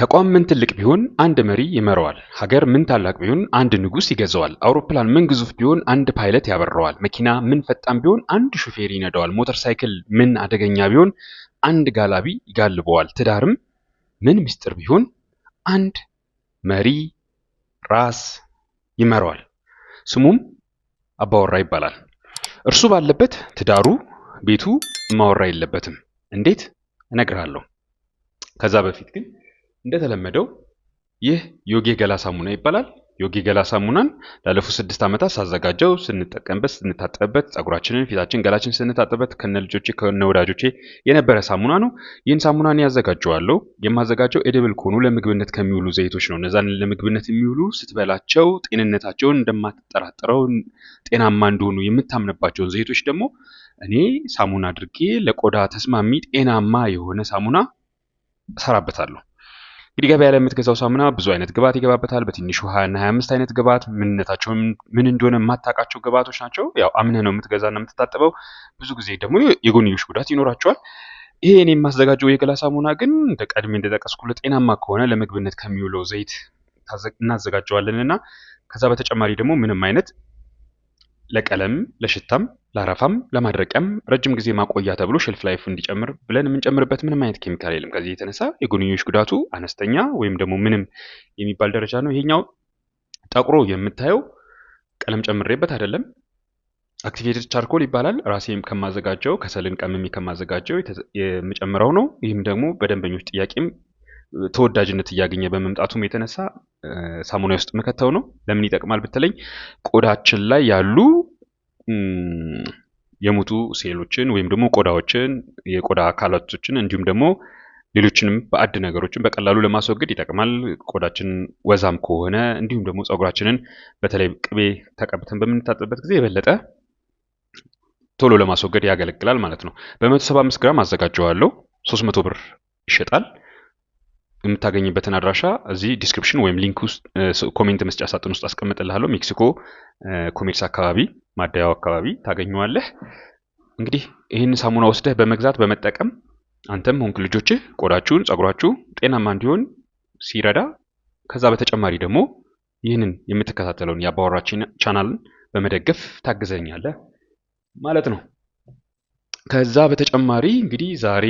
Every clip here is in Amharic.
ተቋም ምን ትልቅ ቢሆን አንድ መሪ ይመራዋል። ሀገር ምን ታላቅ ቢሆን አንድ ንጉስ ይገዛዋል። አውሮፕላን ምን ግዙፍ ቢሆን አንድ ፓይለት ያበረዋል። መኪና ምን ፈጣን ቢሆን አንድ ሹፌር ይነዳዋል። ሞተር ሳይክል ምን አደገኛ ቢሆን አንድ ጋላቢ ይጋልበዋል። ትዳርም ምን ምስጢር ቢሆን አንድ መሪ ራስ ይመራዋል። ስሙም አባወራ ይባላል። እርሱ ባለበት ትዳሩ፣ ቤቱ እማወራ የለበትም። እንዴት እነግርሃለሁ። ከዛ በፊት ግን እንደተለመደው ይህ ዮጊ ገላ ሳሙና ይባላል። ዮጊ ገላ ሳሙናን ላለፉት ስድስት ዓመታት ሳዘጋጀው ስንጠቀምበት፣ ስንታጠብበት፣ ጸጉራችንን፣ ፊታችን፣ ገላችን ስንታጠብበት ከነ ወዳጆቼ የነበረ ሳሙና ነው። ይህን ሳሙና ያዘጋጀዋለሁ። የማዘጋጀው ኤድብል ከሆኑ ለምግብነት ከሚውሉ ዘይቶች ነው። እነዛን ለምግብነት የሚውሉ ስትበላቸው ጤንነታቸውን እንደማትጠራጠረው ጤናማ እንደሆኑ የምታምንባቸውን ዘይቶች ደግሞ እኔ ሳሙና አድርጌ ለቆዳ ተስማሚ ጤናማ የሆነ ሳሙና እሰራበታለሁ። እንግዲህ ገበያ ላይ የምትገዛው ሳሙና ብዙ አይነት ግብዓት ይገባበታል። በትንሹ ሀያ እና ሀያ አምስት አይነት ግብዓት ምንነታቸው ምን እንደሆነ የማታውቃቸው ግብዓቶች ናቸው። ያው አምነህ ነው የምትገዛና የምትታጠበው። ብዙ ጊዜ ደግሞ የጎንዮሽ ጉዳት ይኖራቸዋል። ይሄ እኔ የማዘጋጀው የገላ ሳሙና ግን ቀድሜ እንደጠቀስኩት ጤናማ ከሆነ ለምግብነት ከሚውለው ዘይት እናዘጋጀዋለን እና ከዛ በተጨማሪ ደግሞ ምንም አይነት ለቀለም፣ ለሽታም፣ ለአረፋም፣ ለማድረቂያም ረጅም ጊዜ ማቆያ ተብሎ ሼልፍ ላይፉ እንዲጨምር ብለን የምንጨምርበት ምንም አይነት ኬሚካል የለም። ከዚህ የተነሳ የጎንዮሽ ጉዳቱ አነስተኛ ወይም ደግሞ ምንም የሚባል ደረጃ ነው። ይሄኛው ጠቁሮ የምታየው ቀለም ጨምሬበት አይደለም። አክቲቬትድ ቻርኮል ይባላል። ራሴም ከማዘጋጀው ከሰልን ቀምሜ ከማዘጋጀው የምጨምረው ነው። ይህም ደግሞ በደንበኞች ጥያቄም ተወዳጅነት እያገኘ በመምጣቱም የተነሳ ሳሙና ውስጥ መከተው ነው። ለምን ይጠቅማል ብትለኝ ቆዳችን ላይ ያሉ የሞቱ ሴሎችን ወይም ደግሞ ቆዳዎችን፣ የቆዳ አካላቶችን እንዲሁም ደግሞ ሌሎችንም በአድ ነገሮችን በቀላሉ ለማስወገድ ይጠቅማል። ቆዳችን ወዛም ከሆነ እንዲሁም ደግሞ ፀጉራችንን በተለይ ቅቤ ተቀብተን በምንታጠብበት ጊዜ የበለጠ ቶሎ ለማስወገድ ያገለግላል ማለት ነው። በ175 ግራም አዘጋጀዋለሁ። 300 ብር ይሸጣል። የምታገኝበትን አድራሻ እዚህ ዲስክሪፕሽን ወይም ሊንክ ውስጥ ኮሜንት መስጫ ሳጥን ውስጥ አስቀምጥልሃለሁ። ሜክሲኮ ኮሜርስ አካባቢ ማደያው አካባቢ ታገኘዋለህ። እንግዲህ ይህን ሳሙና ወስደህ በመግዛት በመጠቀም አንተም ሆንክ ልጆችህ ቆዳችሁን፣ ጸጉራችሁ ጤናማ እንዲሆን ሲረዳ ከዛ በተጨማሪ ደግሞ ይህንን የምትከታተለውን የአባወራ ቻናልን በመደገፍ ታግዘኛለህ ማለት ነው። ከዛ በተጨማሪ እንግዲህ ዛሬ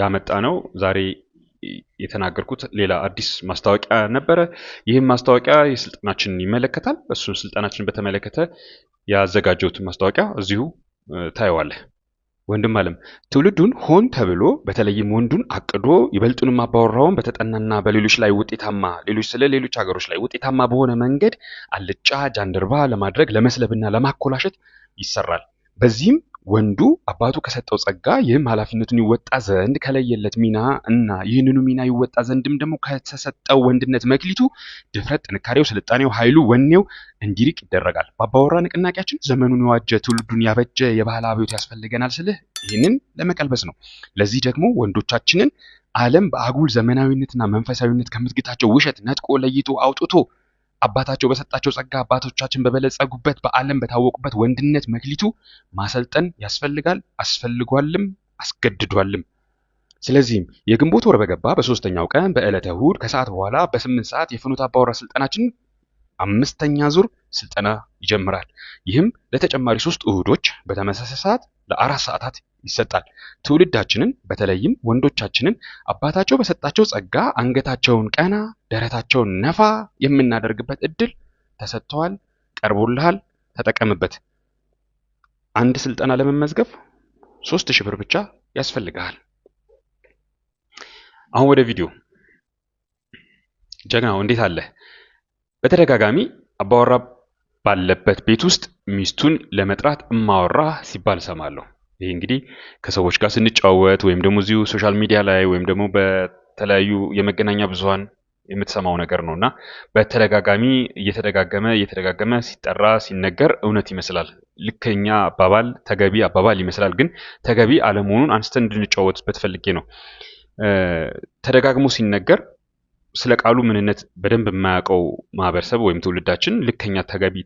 ያመጣ ነው ዛሬ የተናገርኩት ሌላ አዲስ ማስታወቂያ ነበረ። ይህም ማስታወቂያ የስልጠናችንን ይመለከታል። እሱን ስልጠናችንን በተመለከተ ያዘጋጀሁትን ማስታወቂያ እዚሁ ታየዋለህ። ወንድም አለም ትውልዱን ሆን ተብሎ በተለይም ወንዱን አቅዶ ይበልጡንም አባወራውን በተጠናና በሌሎች ላይ ውጤታማ ሌሎች ስለ ሌሎች ሀገሮች ላይ ውጤታማ በሆነ መንገድ አልጫ ጃንደርባ ለማድረግ ለመስለብና ለማኮላሸት ይሰራል። በዚህም ወንዱ አባቱ ከሰጠው ጸጋ ይህም ኃላፊነቱን ይወጣ ዘንድ ከለየለት ሚና እና ይህንኑ ሚና ይወጣ ዘንድም ደግሞ ከተሰጠው ወንድነት መክሊቱ ድፍረት፣ ጥንካሬው፣ ስልጣኔው፣ ኃይሉ፣ ወኔው እንዲርቅ ይደረጋል። በአባወራ ንቅናቄያችን ዘመኑን የዋጀ ትውልዱን ያበጀ የባህል አብዮት ያስፈልገናል ስልህ ይህንን ለመቀልበስ ነው። ለዚህ ደግሞ ወንዶቻችንን ዓለም በአጉል ዘመናዊነትና መንፈሳዊነት ከምትግታቸው ውሸት ነጥቆ ለይቶ አውጥቶ አባታቸው በሰጣቸው ጸጋ አባቶቻችን በበለጸጉበት በዓለም በታወቁበት ወንድነት መክሊቱ ማሰልጠን ያስፈልጋል፣ አስፈልጓልም፣ አስገድዷልም። ስለዚህም የግንቦት ወር በገባ በሶስተኛው ቀን በዕለተ እሁድ ከሰዓት በኋላ በስምንት ሰዓት የፍኖተ አባወራ ስልጠናችን አምስተኛ ዙር ስልጠና ይጀምራል። ይህም ለተጨማሪ ሶስት እሁዶች በተመሳሳይ ሰዓት ለአራት ሰዓታት ይሰጣል። ትውልዳችንን በተለይም ወንዶቻችንን አባታቸው በሰጣቸው ጸጋ አንገታቸውን ቀና ደረታቸውን ነፋ የምናደርግበት እድል ተሰጥተዋል። ቀርቦልሃል፣ ተጠቀምበት። አንድ ስልጠና ለመመዝገብ ሶስት ሺህ ብር ብቻ ያስፈልግሃል። አሁን ወደ ቪዲዮ ጀግናው እንዴት አለ? በተደጋጋሚ አባወራ ባለበት ቤት ውስጥ ሚስቱን ለመጥራት እማወራ ሲባል እሰማለሁ። ይህ እንግዲህ ከሰዎች ጋር ስንጫወት ወይም ደግሞ እዚሁ ሶሻል ሚዲያ ላይ ወይም ደግሞ በተለያዩ የመገናኛ ብዙኃን የምትሰማው ነገር ነው እና በተደጋጋሚ እየተደጋገመ እየተደጋገመ ሲጠራ ሲነገር እውነት ይመስላል። ልከኛ አባባል ተገቢ አባባል ይመስላል። ግን ተገቢ አለመሆኑን አንስተን እንድንጫወትበት ፈልጌ ነው። ተደጋግሞ ሲነገር ስለ ቃሉ ምንነት በደንብ የማያውቀው ማህበረሰብ ወይም ትውልዳችን ልከኛ ተገቢ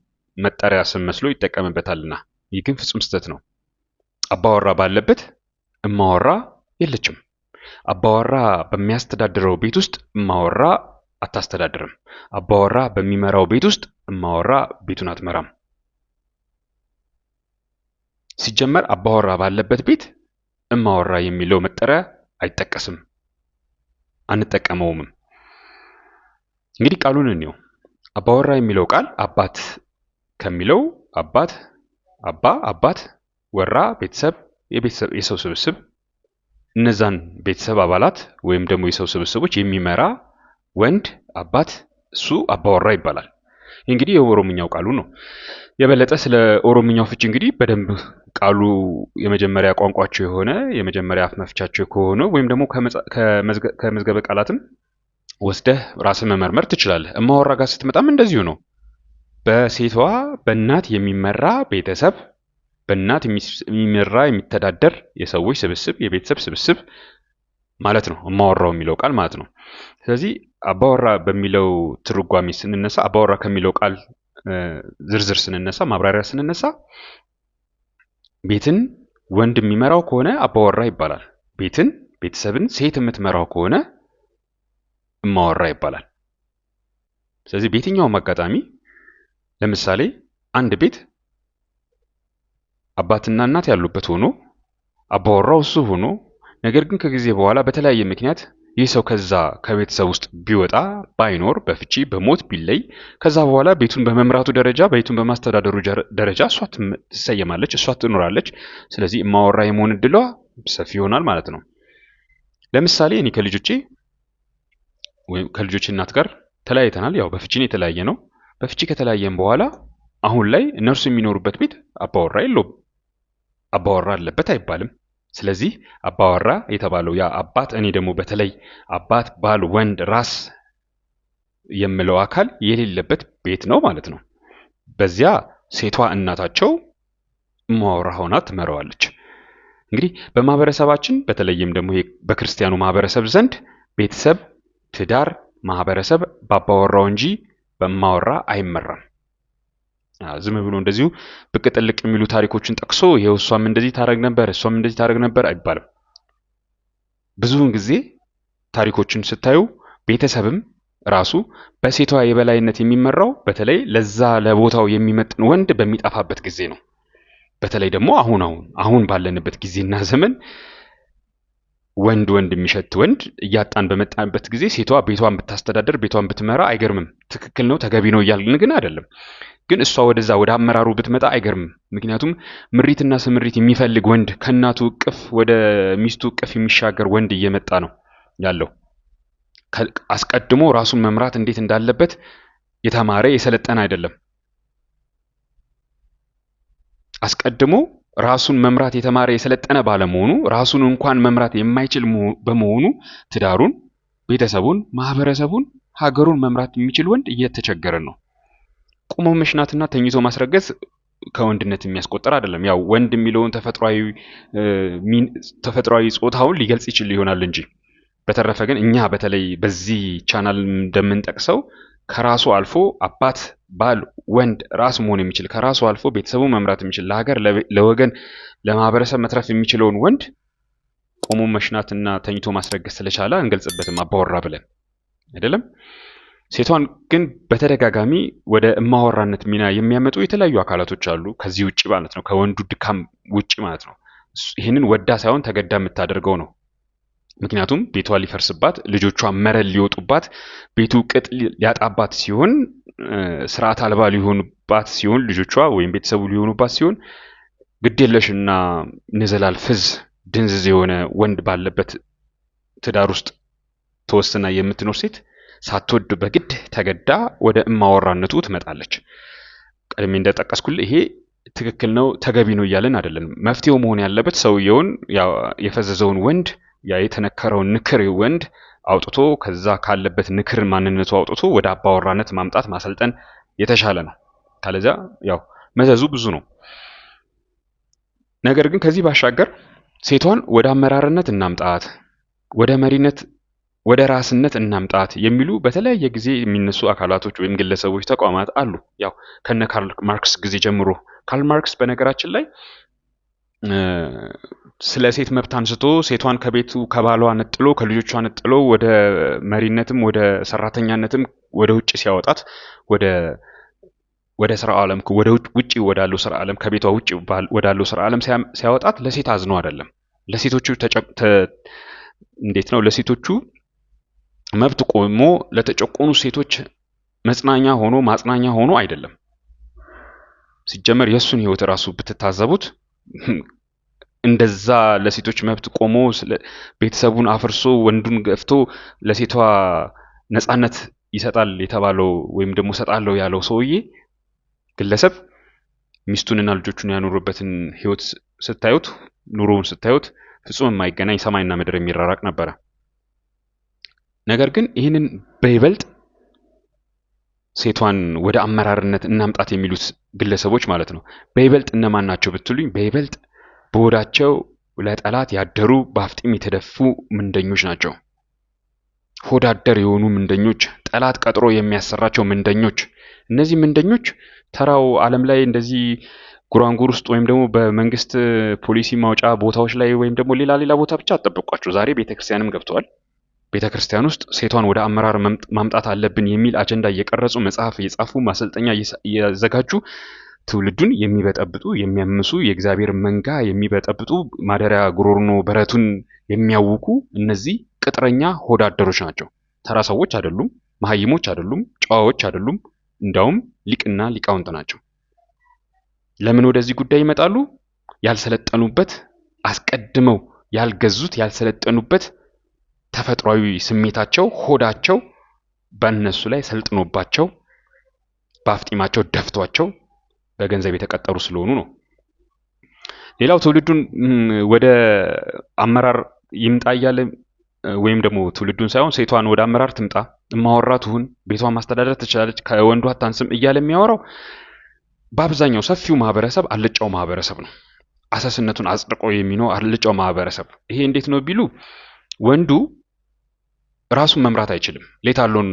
መጠሪያ ስም መስሎ ይጠቀምበታልና ይህ ግን ፍጹም ስህተት ነው። አባወራ ባለበት እማወራ የለችም። አባወራ በሚያስተዳድረው ቤት ውስጥ እማወራ አታስተዳድርም። አባወራ በሚመራው ቤት ውስጥ እማወራ ቤቱን አትመራም። ሲጀመር አባወራ ባለበት ቤት እማወራ የሚለው መጠሪያ አይጠቀስም፣ አንጠቀመውምም። እንግዲህ ቃሉን እንየው። አባወራ የሚለው ቃል አባት ከሚለው አባት አባ አባት ወራ ቤተሰብ የቤተሰብ የሰው ስብስብ እነዛን ቤተሰብ አባላት ወይም ደግሞ የሰው ስብስቦች የሚመራ ወንድ አባት እሱ አባወራ ይባላል። እንግዲህ የኦሮምኛው ቃሉ ነው። የበለጠ ስለ ኦሮምኛው ፍች እንግዲህ በደንብ ቃሉ የመጀመሪያ ቋንቋቸው የሆነ የመጀመሪያ አፍ መፍቻቸው ከሆነ ወይም ደግሞ ከመዝገበ ቃላትም ወስደህ ራስን መመርመር ትችላለህ። እማወራ ጋር ስትመጣም እንደዚሁ ነው። በሴቷ በእናት የሚመራ ቤተሰብ፣ በእናት የሚመራ የሚተዳደር የሰዎች ስብስብ፣ የቤተሰብ ስብስብ ማለት ነው እማወራው የሚለው ቃል ማለት ነው። ስለዚህ አባወራ በሚለው ትርጓሜ ስንነሳ፣ አባወራ ከሚለው ቃል ዝርዝር ስንነሳ፣ ማብራሪያ ስንነሳ ቤትን ወንድ የሚመራው ከሆነ አባወራ ይባላል። ቤትን ቤተሰብን ሴት የምትመራው ከሆነ እማወራ ይባላል። ስለዚህ በየትኛውም አጋጣሚ ለምሳሌ አንድ ቤት አባትና እናት ያሉበት ሆኖ አባወራው እሱ ሆኖ ነገር ግን ከጊዜ በኋላ በተለያየ ምክንያት ይህ ሰው ከዛ ከቤተሰብ ውስጥ ቢወጣ ባይኖር በፍቺ በሞት ቢለይ ከዛ በኋላ ቤቱን በመምራቱ ደረጃ ቤቱን በማስተዳደሩ ደረጃ እሷ ትሰየማለች፣ እሷ ትኖራለች። ስለዚህ እማወራ የመሆን እድሏ ሰፊ ይሆናል ማለት ነው። ለምሳሌ እኔ ከልጆቼ ወይም ከልጆች እናት ጋር ተለያይተናል። ያው በፍቺን የተለያየ ነው። በፍቺ ከተለያየን በኋላ አሁን ላይ እነርሱ የሚኖሩበት ቤት አባወራ የለውም። አባወራ አለበት አይባልም። ስለዚህ አባወራ የተባለው ያ አባት፣ እኔ ደግሞ በተለይ አባት፣ ባል፣ ወንድ፣ ራስ የምለው አካል የሌለበት ቤት ነው ማለት ነው። በዚያ ሴቷ እናታቸው እማወራ ሆና ትመረዋለች። እንግዲህ በማህበረሰባችን በተለይም ደግሞ በክርስቲያኑ ማህበረሰብ ዘንድ ቤተሰብ ትዳር ማህበረሰብ ባባወራው እንጂ በማወራ አይመራም። ዝም ብሎ እንደዚሁ ብቅ ጥልቅ የሚሉ ታሪኮችን ጠቅሶ ይኸው እሷም እንደዚህ ታደረግ ነበር እሷም እንደዚህ ታደረግ ነበር አይባልም። ብዙውን ጊዜ ታሪኮችን ስታዩ ቤተሰብም ራሱ በሴቷ የበላይነት የሚመራው በተለይ ለዛ ለቦታው የሚመጥን ወንድ በሚጠፋበት ጊዜ ነው። በተለይ ደግሞ አሁን አሁን አሁን ባለንበት ጊዜና ዘመን ወንድ ወንድ የሚሸት ወንድ እያጣን በመጣንበት ጊዜ ሴቷ ቤቷን ብታስተዳደር ቤቷን ብትመራ አይገርምም። ትክክል ነው፣ ተገቢ ነው እያልን ግን አይደለም። ግን እሷ ወደዛ ወደ አመራሩ ብትመጣ አይገርምም። ምክንያቱም ምሪትና ስምሪት የሚፈልግ ወንድ ከእናቱ እቅፍ ወደ ሚስቱ እቅፍ የሚሻገር ወንድ እየመጣ ነው ያለው። አስቀድሞ ራሱን መምራት እንዴት እንዳለበት የተማረ የሰለጠነ አይደለም። አስቀድሞ ራሱን መምራት የተማረ የሰለጠነ ባለመሆኑ ራሱን እንኳን መምራት የማይችል በመሆኑ ትዳሩን፣ ቤተሰቡን፣ ማህበረሰቡን፣ ሀገሩን መምራት የሚችል ወንድ እየተቸገረ ነው። ቁሞ መሽናትና ተኝቶ ማስረገዝ ከወንድነት የሚያስቆጠር አይደለም። ያው ወንድ የሚለውን ተፈጥሯዊ ጾታውን ሊገልጽ ይችል ይሆናል እንጂ በተረፈ ግን እኛ በተለይ በዚህ ቻናል እንደምንጠቅሰው ከራሱ አልፎ አባት፣ ባል፣ ወንድ ራስ መሆን የሚችል ከራሱ አልፎ ቤተሰቡ መምራት የሚችል ለሀገር፣ ለወገን፣ ለማህበረሰብ መትረፍ የሚችለውን ወንድ ቆሞ መሽናትና ተኝቶ ማስረገዝ ስለቻለ አንገልጽበትም አባወራ ብለን አይደለም። ሴቷን ግን በተደጋጋሚ ወደ እማወራነት ሚና የሚያመጡ የተለያዩ አካላቶች አሉ። ከዚህ ውጭ ማለት ነው፣ ከወንዱ ድካም ውጭ ማለት ነው። ይህንን ወዳ ሳይሆን ተገዳ የምታደርገው ነው ምክንያቱም ቤቷ ሊፈርስባት ልጆቿ መረል ሊወጡባት ቤቱ ቅጥ ሊያጣባት ሲሆን ስርዓት አልባ ሊሆኑባት ሲሆን ልጆቿ ወይም ቤተሰቡ ሊሆኑባት ሲሆን ግዴለሽና ንዘላል ፍዝ ድንዝዝ የሆነ ወንድ ባለበት ትዳር ውስጥ ተወስና የምትኖር ሴት ሳትወድ በግድ ተገዳ ወደ እማወራነቱ ትመጣለች። ቀድሜ እንደጠቀስኩል ይሄ ትክክል ነው ተገቢ ነው እያለን አይደለንም። መፍትሄው መሆን ያለበት ሰውየውን የፈዘዘውን ወንድ ያ የተነከረው ንክር ወንድ አውጥቶ ከዛ ካለበት ንክር ማንነቱ አውጥቶ ወደ አባወራነት ማምጣት ማሰልጠን የተሻለ ነው። ካለዚያ ያው መዘዙ ብዙ ነው። ነገር ግን ከዚህ ባሻገር ሴቷን ወደ አመራርነት እናምጣት፣ ወደ መሪነት፣ ወደ ራስነት እናምጣት የሚሉ በተለያየ ጊዜ የሚነሱ አካላቶች ወይም ግለሰቦች፣ ተቋማት አሉ። ያው ከነ ካርል ማርክስ ጊዜ ጀምሮ ካርል ማርክስ በነገራችን ላይ ስለ ሴት መብት አንስቶ ሴቷን ከቤቱ ከባሏ ነጥሎ ከልጆቿ ነጥሎ ወደ መሪነትም ወደ ሰራተኛነትም ወደ ውጭ ሲያወጣት ወደ ወደ ስራ ዓለም ወደ ውጭ ወዳለው ስራ ዓለም ከቤቷ ውጭ ወዳለው ስራ ዓለም ሲያወጣት ለሴት አዝኖ አይደለም። ለሴቶቹ እንዴት ነው? ለሴቶቹ መብት ቆሞ ለተጨቆኑ ሴቶች መጽናኛ ሆኖ ማጽናኛ ሆኖ አይደለም። ሲጀመር የእሱን ህይወት እራሱ ብትታዘቡት እንደዛ ለሴቶች መብት ቆሞ ቤተሰቡን አፍርሶ ወንዱን ገፍቶ ለሴቷ ነፃነት ይሰጣል የተባለው ወይም ደግሞ ሰጣለሁ ያለው ሰውዬ ግለሰብ ሚስቱንና ልጆቹን ያኖሩበትን ህይወት ስታዩት ኑሮውን ስታዩት ፍጹም የማይገናኝ ሰማይና ምድር የሚራራቅ ነበረ። ነገር ግን ይህንን በይበልጥ ሴቷን ወደ አመራርነት እናምጣት የሚሉት ግለሰቦች ማለት ነው። በይበልጥ እነማን ናቸው ብትሉኝ፣ በይበልጥ በሆዳቸው ለጠላት ያደሩ በአፍጢም የተደፉ ምንደኞች ናቸው። ሆዳደር የሆኑ ምንደኞች፣ ጠላት ቀጥሮ የሚያሰራቸው ምንደኞች። እነዚህ ምንደኞች ተራው ዓለም ላይ እንደዚህ ጉራንጉር ውስጥ ወይም ደግሞ በመንግስት ፖሊሲ ማውጫ ቦታዎች ላይ ወይም ደግሞ ሌላ ሌላ ቦታ ብቻ አጠብቋቸው ዛሬ ቤተክርስቲያንም ገብተዋል። ቤተ ክርስቲያን ውስጥ ሴቷን ወደ አመራር ማምጣት አለብን የሚል አጀንዳ እየቀረጹ መጽሐፍ እየጻፉ ማሰልጠኛ እያዘጋጁ ትውልዱን የሚበጠብጡ የሚያምሱ የእግዚአብሔር መንጋ የሚበጠብጡ ማደሪያ ጉሮርኖ በረቱን የሚያውቁ እነዚህ ቅጥረኛ ሆዳደሮች ናቸው። ተራ ሰዎች አይደሉም፣ መሀይሞች አይደሉም፣ ጨዋዎች አይደሉም። እንዳውም ሊቅና ሊቃውንት ናቸው። ለምን ወደዚህ ጉዳይ ይመጣሉ? ያልሰለጠኑበት አስቀድመው ያልገዙት ያልሰለጠኑበት ተፈጥሯዊ ስሜታቸው ሆዳቸው በእነሱ ላይ ሰልጥኖባቸው በአፍጢማቸው ደፍቷቸው በገንዘብ የተቀጠሩ ስለሆኑ ነው። ሌላው ትውልዱን ወደ አመራር ይምጣ እያለ ወይም ደግሞ ትውልዱን ሳይሆን ሴቷን ወደ አመራር ትምጣ እማወራ ትሁን፣ ቤቷን ማስተዳደር ትችላለች፣ ከወንዱ አታንስም እያለ የሚያወራው በአብዛኛው ሰፊው ማህበረሰብ አልጫው ማህበረሰብ ነው። አሰስነቱን አጽድቆ የሚኖር አልጫው ማህበረሰብ ይሄ እንዴት ነው ቢሉ ወንዱ ራሱን መምራት አይችልም። ሌታሎን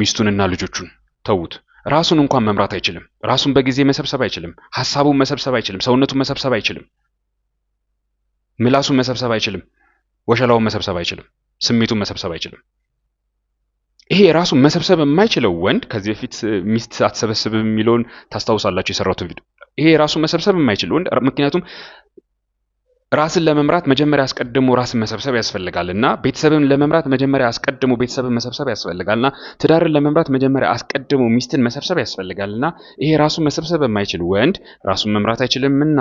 ሚስቱንና ልጆቹን ተዉት። ራሱን እንኳን መምራት አይችልም። ራሱን በጊዜ መሰብሰብ አይችልም። ሀሳቡን መሰብሰብ አይችልም። ሰውነቱን መሰብሰብ አይችልም። ምላሱን መሰብሰብ አይችልም። ወሸላውን መሰብሰብ አይችልም። ስሜቱን መሰብሰብ አይችልም። ይሄ ራሱ መሰብሰብ የማይችለው ወንድ ከዚህ በፊት ሚስት አትሰበስብም የሚለውን ታስታውሳላችሁ የሰራሁትን ቪዲዮ። ይሄ ራሱ መሰብሰብ የማይችል ወንድ ምክንያቱም ራስን ለመምራት መጀመሪያ አስቀድሞ ራስን መሰብሰብ ያስፈልጋል እና ቤተሰብን ለመምራት መጀመሪያ አስቀድሞ ቤተሰብን መሰብሰብ ያስፈልጋል እና ትዳርን ለመምራት መጀመሪያ አስቀድሞ ሚስትን መሰብሰብ ያስፈልጋል እና ይሄ ራሱን መሰብሰብ የማይችል ወንድ ራሱን መምራት አይችልም እና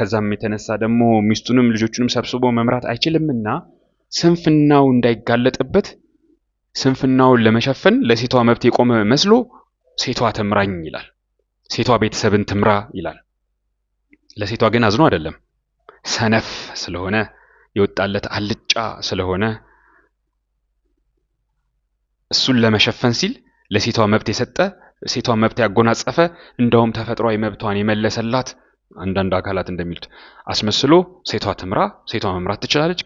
ከዛም የተነሳ ደግሞ ሚስቱንም ልጆቹንም ሰብስቦ መምራት አይችልም እና ስንፍናው እንዳይጋለጥበት ስንፍናውን ለመሸፈን ለሴቷ መብት የቆመ መስሎ ሴቷ ትምራኝ ይላል። ሴቷ ቤተሰብን ትምራ ይላል። ለሴቷ ግን አዝኖ አይደለም። ሰነፍ ስለሆነ የወጣለት አልጫ ስለሆነ እሱን ለመሸፈን ሲል ለሴቷ መብት የሰጠ ሴቷ መብት ያጎናጸፈ እንደውም ተፈጥሯዊ መብቷን የመለሰላት አንዳንድ አካላት እንደሚሉት አስመስሎ ሴቷ ትምራ፣ ሴቷ መምራት ትችላለች፣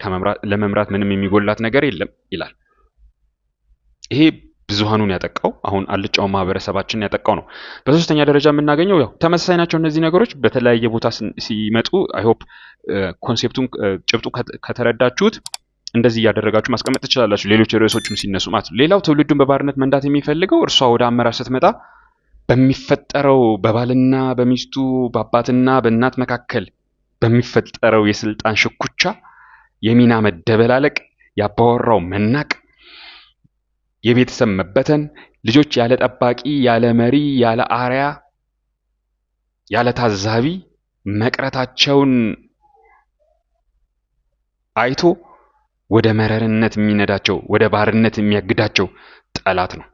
ለመምራት ምንም የሚጎላት ነገር የለም ይላል። ይሄ ብዙሃኑን ያጠቃው አሁን አልጫውን ማህበረሰባችንን ያጠቃው ነው። በሶስተኛ ደረጃ የምናገኘው ያው ተመሳሳይ ናቸው እነዚህ ነገሮች በተለያየ ቦታ ሲመጡ አይሆፕ ኮንሴፕቱን ጭብጡ ከተረዳችሁት እንደዚህ እያደረጋችሁ ማስቀመጥ ትችላላችሁ። ሌሎች ርዕሶችም ሲነሱ ማለት ነው። ሌላው ትውልዱን በባርነት መንዳት የሚፈልገው እርሷ ወደ አመራር ስትመጣ በሚፈጠረው በባልና በሚስቱ በአባትና በእናት መካከል በሚፈጠረው የስልጣን ሽኩቻ፣ የሚና መደበላለቅ፣ ያባወራው መናቅ የቤተሰብ መበተን፣ ልጆች ያለ ጠባቂ፣ ያለ መሪ፣ ያለ አርያ፣ ያለ ታዛቢ መቅረታቸውን አይቶ ወደ መረርነት የሚነዳቸው ወደ ባርነት የሚያግዳቸው ጠላት ነው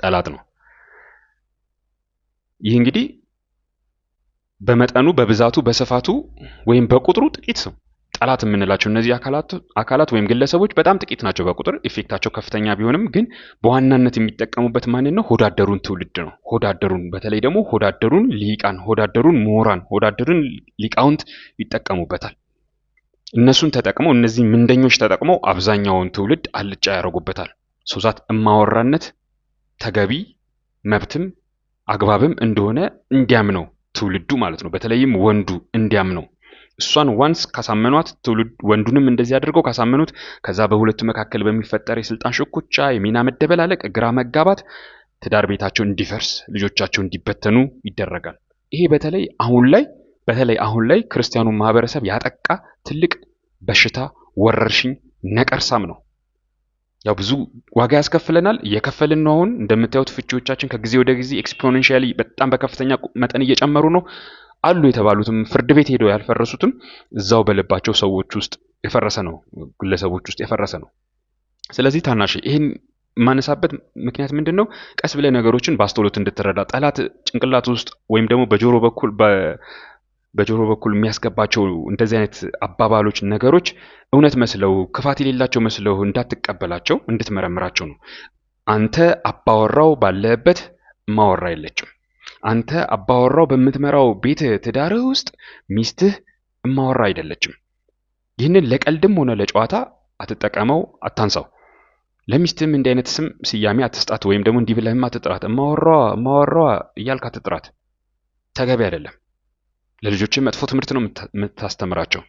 ጠላት ነው። ይህ እንግዲህ በመጠኑ በብዛቱ በስፋቱ ወይም በቁጥሩ ጥቂት ነው። ጠላት የምንላቸው እነዚህ አካላት ወይም ግለሰቦች በጣም ጥቂት ናቸው በቁጥር ኢፌክታቸው ከፍተኛ ቢሆንም ግን በዋናነት የሚጠቀሙበት ማንን ነው? ሆዳደሩን ትውልድ ነው። ሆዳደሩን በተለይ ደግሞ ሆዳደሩን ሊቃን፣ ሆዳደሩን ምሁራን፣ ሆዳደሩን ሊቃውንት ይጠቀሙበታል። እነሱን ተጠቅመው እነዚህ ምንደኞች ተጠቅመው አብዛኛውን ትውልድ አልጫ ያደርጉበታል። ሶዛት እማወራነት ተገቢ መብትም አግባብም እንደሆነ እንዲያምነው ትውልዱ ማለት ነው። በተለይም ወንዱ እንዲያምነው እሷን ዋንስ ካሳመኗት ትውልድ ወንዱንም እንደዚህ አድርገው ካሳመኑት ከዛ በሁለቱ መካከል በሚፈጠር የስልጣን ሽኩቻ፣ የሚና መደበላለቅ፣ ግራ መጋባት ትዳር ቤታቸው እንዲፈርስ ልጆቻቸው እንዲበተኑ ይደረጋል። ይሄ በተለይ አሁን ላይ በተለይ አሁን ላይ ክርስቲያኑን ማህበረሰብ ያጠቃ ትልቅ በሽታ ወረርሽኝ ነቀርሳም ነው። ያው ብዙ ዋጋ ያስከፍለናል፣ እየከፈልን ነው። አሁን እንደምታዩት ፍቺዎቻችን ከጊዜ ወደ ጊዜ ኤክስፖኔንሻሊ በጣም በከፍተኛ መጠን እየጨመሩ ነው። አሉ የተባሉትም ፍርድ ቤት ሄደው ያልፈረሱትም እዛው በልባቸው ሰዎች ውስጥ የፈረሰ ነው፣ ግለሰቦች ውስጥ የፈረሰ ነው። ስለዚህ ታናሽ ይህን የማነሳበት ምክንያት ምንድን ነው? ቀስ ብለህ ነገሮችን በአስተውሎት እንድትረዳ ጠላት ጭንቅላት ውስጥ ወይም ደግሞ በጆሮ በኩል በጆሮ በኩል የሚያስገባቸው እንደዚህ አይነት አባባሎች፣ ነገሮች እውነት መስለው ክፋት የሌላቸው መስለው እንዳትቀበላቸው እንድትመረምራቸው ነው። አንተ አባወራው ባለህበት ማወራ የለችም። አንተ አባወራው በምትመራው ቤት ትዳር ውስጥ ሚስትህ እማወራ አይደለችም። ይህንን ለቀልድም ሆነ ለጨዋታ አትጠቀመው፣ አታንሳው። ለሚስትም እንዲህ አይነት ስም ስያሜ አትስጣት፣ ወይም ደግሞ እንዲህ ብለህም አትጥራት። እማወራዋ እማወራዋ እያልክ አትጥራት፣ ተገቢ አይደለም። ለልጆችም መጥፎ ትምህርት ነው የምታስተምራቸው።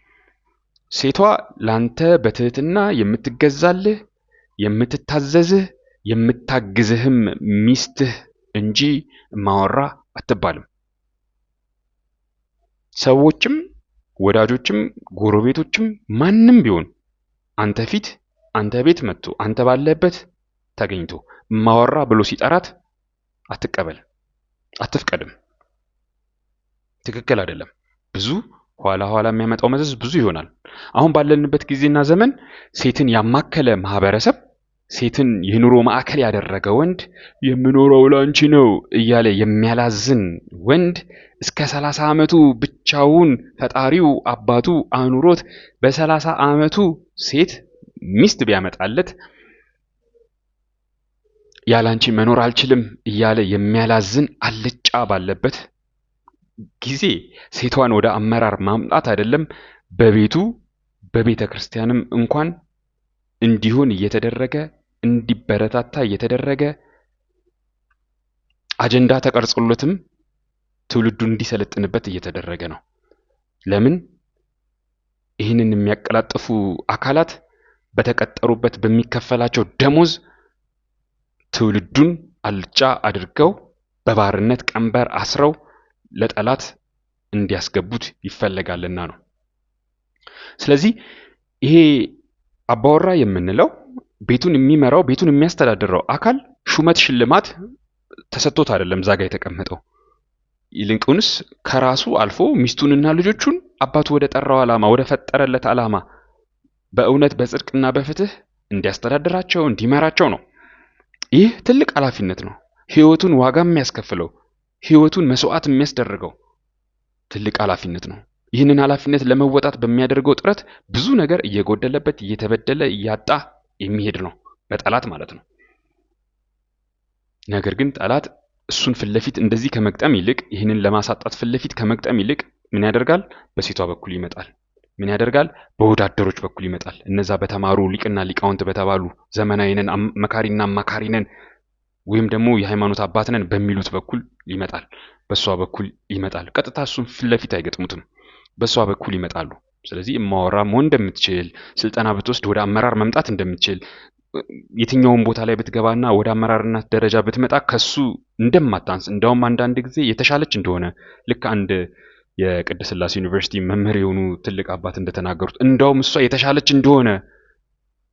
ሴቷ ላንተ በትህትና የምትገዛልህ የምትታዘዝህ የምታግዝህም ሚስትህ እንጂ እማወራ አትባልም። ሰዎችም ወዳጆችም ጎረቤቶችም ማንም ቢሆን አንተ ፊት አንተ ቤት መጥቶ አንተ ባለበት ተገኝቶ ማወራ ብሎ ሲጠራት አትቀበል፣ አትፍቀድም። ትክክል አይደለም። ብዙ ኋላ ኋላ የሚያመጣው መዘዝ ብዙ ይሆናል። አሁን ባለንበት ጊዜና ዘመን ሴትን ያማከለ ማህበረሰብ ሴትን የኑሮ ማዕከል ያደረገ ወንድ የምኖረው ላንቺ ነው እያለ የሚያላዝን ወንድ እስከ ሰላሳ ዓመቱ ብቻውን ፈጣሪው አባቱ አኑሮት በሰላሳ ዓመቱ ሴት ሚስት ቢያመጣለት ያላንቺ መኖር አልችልም እያለ የሚያላዝን አልጫ ባለበት ጊዜ ሴቷን ወደ አመራር ማምጣት አይደለም በቤቱ በቤተ ክርስቲያንም እንኳን እንዲሆን እየተደረገ እንዲበረታታ እየተደረገ አጀንዳ ተቀርጾለትም ትውልዱን እንዲሰለጥንበት እየተደረገ ነው። ለምን ይህንን የሚያቀላጥፉ አካላት በተቀጠሩበት በሚከፈላቸው ደሞዝ ትውልዱን አልጫ አድርገው በባርነት ቀንበር አስረው ለጠላት እንዲያስገቡት ይፈለጋልና ነው። ስለዚህ ይሄ አባወራ የምንለው ቤቱን የሚመራው ቤቱን የሚያስተዳድረው አካል ሹመት ሽልማት ተሰጥቶት አይደለም እዛ ጋ የተቀመጠው። ይልቁንስ ከራሱ አልፎ ሚስቱንና ልጆቹን አባቱ ወደ ጠራው ዓላማ ወደ ፈጠረለት ዓላማ በእውነት በጽድቅና በፍትህ እንዲያስተዳድራቸው እንዲመራቸው ነው። ይህ ትልቅ ኃላፊነት ነው። ህይወቱን ዋጋ የሚያስከፍለው፣ ህይወቱን መስዋዕት የሚያስደርገው ትልቅ ኃላፊነት ነው። ይህንን ኃላፊነት ለመወጣት በሚያደርገው ጥረት ብዙ ነገር እየጎደለበት እየተበደለ እያጣ የሚሄድ ነው፣ በጠላት ማለት ነው። ነገር ግን ጠላት እሱን ፊት ለፊት እንደዚህ ከመግጠም ይልቅ ይህንን ለማሳጣት ፊት ለፊት ከመግጠም ይልቅ ምን ያደርጋል? በሴቷ በኩል ይመጣል። ምን ያደርጋል? በወዳደሮች በኩል ይመጣል። እነዛ በተማሩ ሊቅና ሊቃውንት በተባሉ ዘመናዊነን መካሪና አማካሪነን ወይም ደግሞ የሃይማኖት አባትነን በሚሉት በኩል ይመጣል። በእሷ በኩል ይመጣል። ቀጥታ እሱን ፊት ለፊት አይገጥሙትም። በእሷ በኩል ይመጣሉ። ስለዚህ እማወራ መሆን እንደምትችል ስልጠና ብትወስድ ወደ አመራር መምጣት እንደምትችል የትኛውም ቦታ ላይ ብትገባና ወደ አመራርነት ደረጃ ብትመጣ ከሱ እንደማታንስ እንደውም አንዳንድ ጊዜ የተሻለች እንደሆነ ልክ አንድ የቅድስት ሥላሴ ዩኒቨርሲቲ መምህር የሆኑ ትልቅ አባት እንደተናገሩት እንደውም እሷ የተሻለች እንደሆነ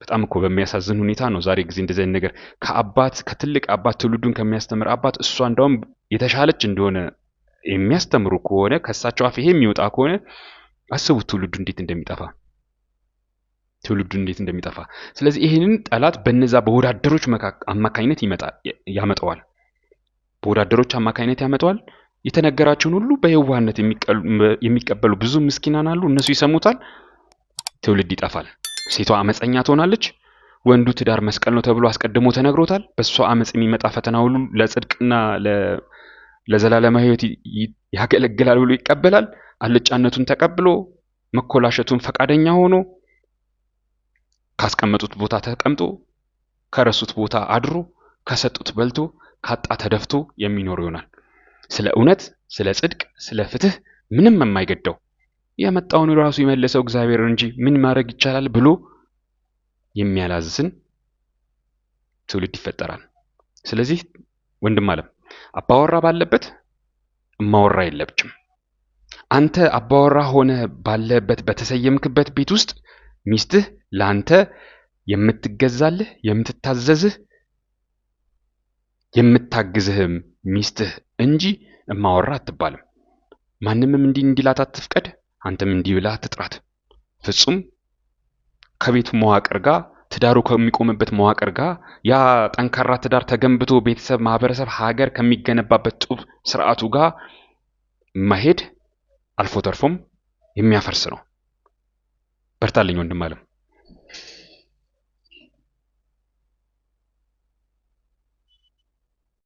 በጣም እኮ በሚያሳዝን ሁኔታ ነው ዛሬ ጊዜ እንደዚህ ነገር ከአባት ከትልቅ አባት ትውልዱን ከሚያስተምር አባት እሷ እንደውም የተሻለች እንደሆነ የሚያስተምሩ ከሆነ ከእሳቸው አፍ ይሄ የሚወጣ ከሆነ አስቡት ትውልዱ እንዴት እንደሚጠፋ ትውልዱ እንዴት እንደሚጠፋ። ስለዚህ ይህንን ጠላት በነዛ በወዳደሮች አማካኝነት ያመጠዋል፣ በወዳደሮች አማካኝነት ያመጠዋል። የተነገራቸውን ሁሉ በየዋህነት የሚቀበሉ ብዙ ምስኪናን አሉ። እነሱ ይሰሙታል፣ ትውልድ ይጠፋል። ሴቷ አመፀኛ ትሆናለች። ወንዱ ትዳር መስቀል ነው ተብሎ አስቀድሞ ተነግሮታል። በእሷ አመፅ የሚመጣ ፈተና ሁሉ ለጽድቅና ለዘላለማ ሕይወት ያገለግላል ብሎ ይቀበላል። አልጫነቱን ተቀብሎ መኮላሸቱን ፈቃደኛ ሆኖ ካስቀመጡት ቦታ ተቀምጦ ከረሱት ቦታ አድሮ ከሰጡት በልቶ ካጣ ተደፍቶ የሚኖር ይሆናል። ስለ እውነት፣ ስለ ጽድቅ፣ ስለ ፍትህ ምንም የማይገደው የመጣውን ራሱ የመለሰው እግዚአብሔር እንጂ ምን ማድረግ ይቻላል ብሎ የሚያላዝስን ትውልድ ይፈጠራል። ስለዚህ ወንድም አለም አባወራ ባለበት እማወራ የለብችም። አንተ አባወራ ሆነ ባለበት በተሰየምክበት ቤት ውስጥ ሚስትህ ለአንተ የምትገዛልህ የምትታዘዝህ የምታግዝህም ሚስትህ እንጂ እማወራ አትባልም። ማንምም እንዲህ እንዲላት አትፍቀድ፣ አንተም እንዲህ ብላ አትጥራት። ፍጹም ከቤቱ መዋቅር ጋር ትዳሩ ከሚቆምበት መዋቅር ጋር ያ ጠንካራ ትዳር ተገንብቶ ቤተሰብ፣ ማህበረሰብ፣ ሀገር ከሚገነባበት ጡብ ስርዓቱ ጋር መሄድ አልፎ ተርፎም የሚያፈርስ ነው። በርታልኝ ወንድም አለም።